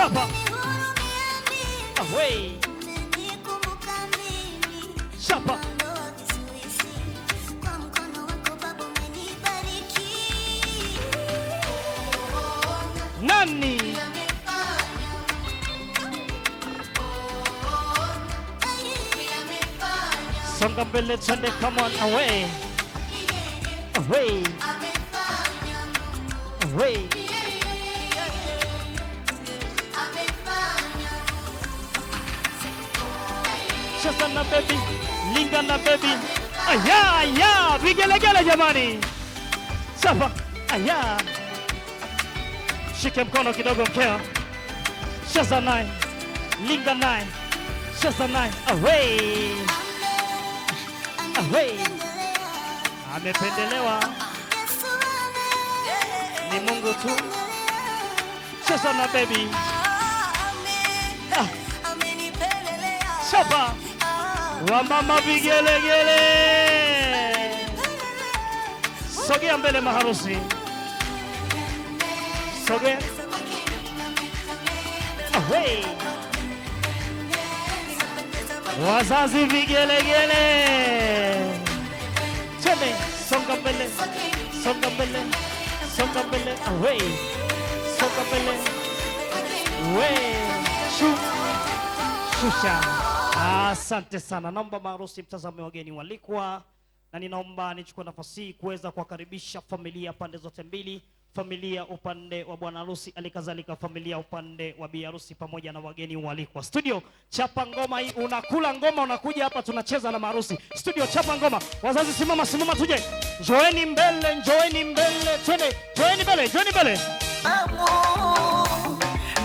chapa. Away. Chapa. Nani? Songa mbele chande. come on, away. Away. Away. Shazana baby, Lingala baby. Aya, aya, vigelegele jamani. Safa, aya. Shike mkono kidogo mkeo. Shazana, Lingala, Shazana, away. Away. Amependelewa. Ni Mungu tu. Shazana baby. Ah. Shaba. Wamama gele. sogea mbele maharusi, sogea oh, hey. Wazazi vigelegele, chene, songa mbele, songa mbele, songa mbele, away, oh, songa mbele, we shusha Asante sana, naomba maarusi mtazame wageni walikwa, na ninaomba nichukue nafasi hii kuweza kuwakaribisha familia pande zote mbili, familia upande wa bwana harusi, alikadhalika familia upande wa bi harusi, pamoja na wageni walikwa. Studio chapa ngoma, hii unakula ngoma, unakuja hapa tunacheza na maarusi. Studio chapa ngoma, wazazi simama, simama, tuje, njoeni mbele, njoeni mbele, twende, njoeni mbele, njoeni mbele.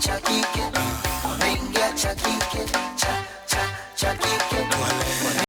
cha kike,